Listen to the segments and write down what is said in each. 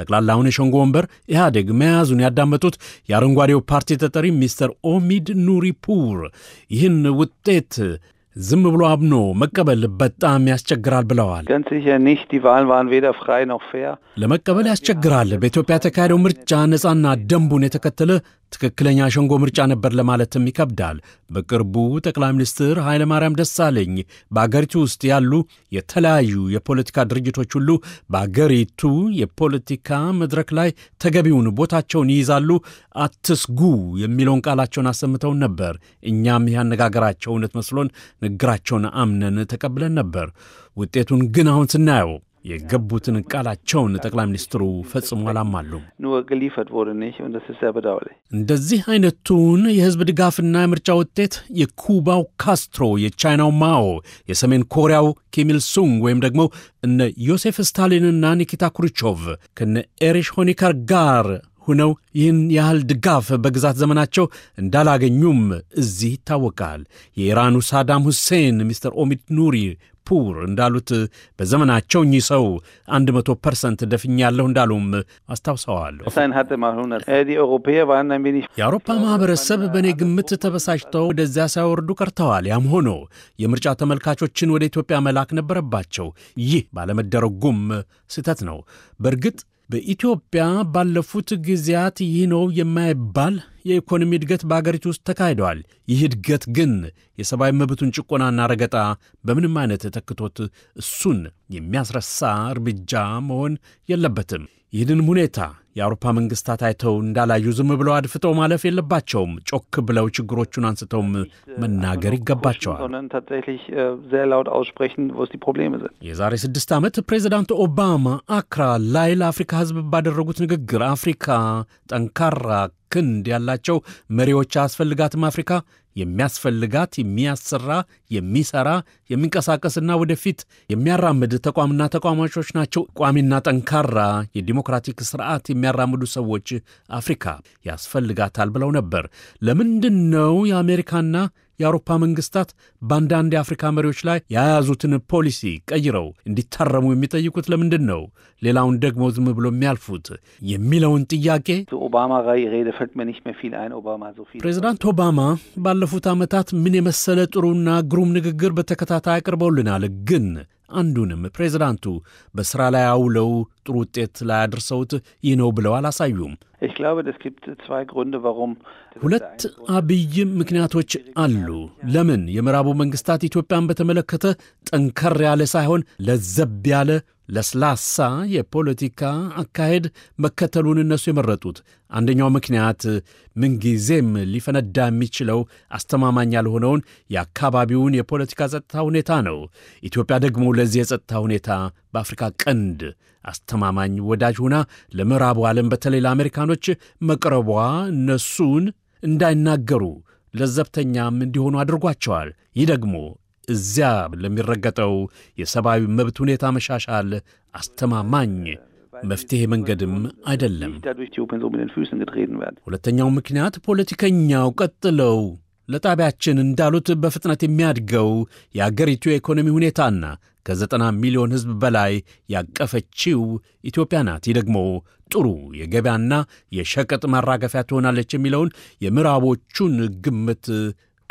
ጠቅላላውን የሸንጎ ወንበር ኢህአዴግ መያዙን ያዳመጡት የአረንጓዴው ፓርቲ ተጠሪ ሚስተር ኦሚድ ኑሪፑር ይህን ውጤት ዝም ብሎ አብኖ መቀበል በጣም ያስቸግራል ብለዋል። ለመቀበል ያስቸግራል። በኢትዮጵያ የተካሄደው ምርጫ ነፃና ደንቡን የተከተለ ትክክለኛ ሸንጎ ምርጫ ነበር ለማለትም ይከብዳል። በቅርቡ ጠቅላይ ሚኒስትር ኃይለማርያም ደሳለኝ በአገሪቱ ውስጥ ያሉ የተለያዩ የፖለቲካ ድርጅቶች ሁሉ በአገሪቱ የፖለቲካ መድረክ ላይ ተገቢውን ቦታቸውን ይይዛሉ፣ አትስጉ የሚለውን ቃላቸውን አሰምተውን ነበር። እኛም ያነጋገራቸው እውነት መስሎን ንግግራቸውን አምነን ተቀብለን ነበር። ውጤቱን ግን አሁን ስናየው የገቡትን ቃላቸውን ጠቅላይ ሚኒስትሩ ፈጽሞ አላማሉ። እንደዚህ አይነቱን የህዝብ ድጋፍና የምርጫ ውጤት የኩባው ካስትሮ፣ የቻይናው ማኦ፣ የሰሜን ኮሪያው ኪሚል ሱንግ ወይም ደግሞ እነ ዮሴፍ ስታሊንና ኒኪታ ኩሩቾቭ ከነ ኤሪሽ ሆኒከር ጋር ሁነው ይህን ያህል ድጋፍ በግዛት ዘመናቸው እንዳላገኙም እዚህ ይታወቃል። የኢራኑ ሳዳም ሁሴን፣ ሚስተር ኦሚድ ኑሪ ፑር እንዳሉት በዘመናቸው እኚህ ሰው አንድ መቶ ፐርሰንት ደፍኛለሁ እንዳሉም አስታውሰዋል። የአውሮፓ ማህበረሰብ በእኔ ግምት ተበሳጭተው ወደዚያ ሳይወርዱ ቀርተዋል። ያም ሆኖ የምርጫ ተመልካቾችን ወደ ኢትዮጵያ መላክ ነበረባቸው። ይህ ባለመደረጉም ስህተት ነው። በእርግጥ በኢትዮጵያ ባለፉት ጊዜያት ይህ ነው የማይባል የኢኮኖሚ እድገት በአገሪቱ ውስጥ ተካሂደዋል። ይህ እድገት ግን የሰብአዊ መብቱን ጭቆናና ረገጣ በምንም አይነት ተክቶት እሱን የሚያስረሳ እርምጃ መሆን የለበትም። ይህንን ሁኔታ የአውሮፓ መንግስታት አይተው እንዳላዩ ዝም ብለው አድፍጠው ማለፍ የለባቸውም። ጮክ ብለው ችግሮቹን አንስተውም መናገር ይገባቸዋል። የዛሬ ስድስት ዓመት ፕሬዚዳንት ኦባማ አክራ ላይ ለአፍሪካ ሕዝብ ባደረጉት ንግግር አፍሪካ ጠንካራ ክንድ ያላቸው መሪዎች አያስፈልጋትም፣ አፍሪካ የሚያስፈልጋት የሚያሰራ፣ የሚሰራ፣ የሚንቀሳቀስና ወደፊት የሚያራምድ ተቋምና ተቋማቾች ናቸው። ቋሚና ጠንካራ የዲሞክራቲክ ስርዓት የሚያራምዱ ሰዎች አፍሪካ ያስፈልጋታል ብለው ነበር። ለምንድን ነው የአሜሪካና የአውሮፓ መንግስታት በአንዳንድ የአፍሪካ መሪዎች ላይ የያዙትን ፖሊሲ ቀይረው እንዲታረሙ የሚጠይቁት ለምንድን ነው? ሌላውን ደግሞ ዝም ብሎ የሚያልፉት የሚለውን ጥያቄ ፕሬዚዳንት ኦባማ ባለፉት ዓመታት ምን የመሰለ ጥሩና ግሩም ንግግር በተከታታይ አቅርበውልናል ግን አንዱንም ፕሬዚዳንቱ በሥራ ላይ አውለው ጥሩ ውጤት ላይ አድርሰውት ይህ ነው ብለው አላሳዩም። ሁለት አብይ ምክንያቶች አሉ። ለምን የምዕራቡ መንግስታት ኢትዮጵያን በተመለከተ ጠንከር ያለ ሳይሆን ለዘብ ያለ ለስላሳ የፖለቲካ አካሄድ መከተሉን እነሱ የመረጡት። አንደኛው ምክንያት ምንጊዜም ሊፈነዳ የሚችለው አስተማማኝ ያልሆነውን የአካባቢውን የፖለቲካ ጸጥታ ሁኔታ ነው። ኢትዮጵያ ደግሞ ለዚህ የጸጥታ ሁኔታ በአፍሪካ ቀንድ አስተማማኝ ወዳጅ ሆና ለምዕራቡ ዓለም በተለይ ለአሜሪካኖች መቅረቧ እነሱን እንዳይናገሩ ለዘብተኛም እንዲሆኑ አድርጓቸዋል። ይህ ደግሞ እዚያ ለሚረገጠው የሰብአዊ መብት ሁኔታ መሻሻል አስተማማኝ መፍትሄ መንገድም አይደለም። ሁለተኛው ምክንያት ፖለቲከኛው ቀጥለው ለጣቢያችን እንዳሉት በፍጥነት የሚያድገው የአገሪቱ የኢኮኖሚ ሁኔታና ከዘጠና ሚሊዮን ሕዝብ በላይ ያቀፈችው ኢትዮጵያ ናት። ይህ ደግሞ ጥሩ የገበያና የሸቀጥ ማራገፊያ ትሆናለች የሚለውን የምዕራቦቹን ግምት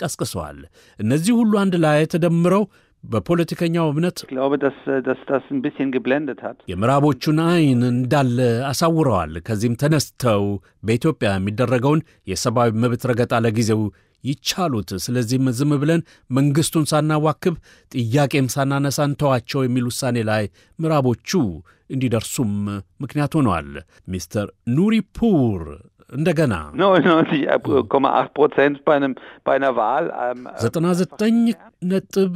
ቀስቅሰዋል። እነዚህ ሁሉ አንድ ላይ ተደምረው በፖለቲከኛው እምነት äh, የምዕራቦቹን አይን እንዳለ አሳውረዋል። ከዚህም ተነስተው በኢትዮጵያ የሚደረገውን የሰብአዊ መብት ረገጣ ለጊዜው ይቻሉት፣ ስለዚህም ዝም ብለን መንግሥቱን ሳናዋክብ ጥያቄም ሳናነሳ እንተዋቸው የሚል ውሳኔ ላይ ምዕራቦቹ እንዲደርሱም ምክንያት ሆነዋል። ሚስተር ኑሪፑር እንደገና ዘጠና ዘጠኝ ነጥብ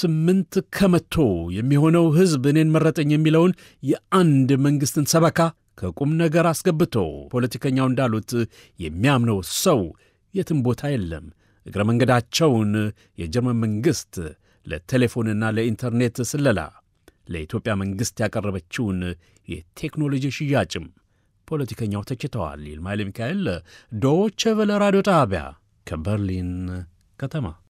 ስምንት ከመቶ የሚሆነው ሕዝብ እኔን መረጠኝ የሚለውን የአንድ መንግሥትን ሰበካ ከቁም ነገር አስገብቶ ፖለቲከኛው እንዳሉት የሚያምነው ሰው የትም ቦታ የለም። እግረ መንገዳቸውን የጀርመን መንግሥት ለቴሌፎንና ለኢንተርኔት ስለላ ለኢትዮጵያ መንግሥት ያቀረበችውን የቴክኖሎጂ ሽያጭም ፖለቲከኛው ተችተዋል። ይልማይል ሚካኤል ዶቼ ቬለ ራዲዮ ጣቢያ ከበርሊን ከተማ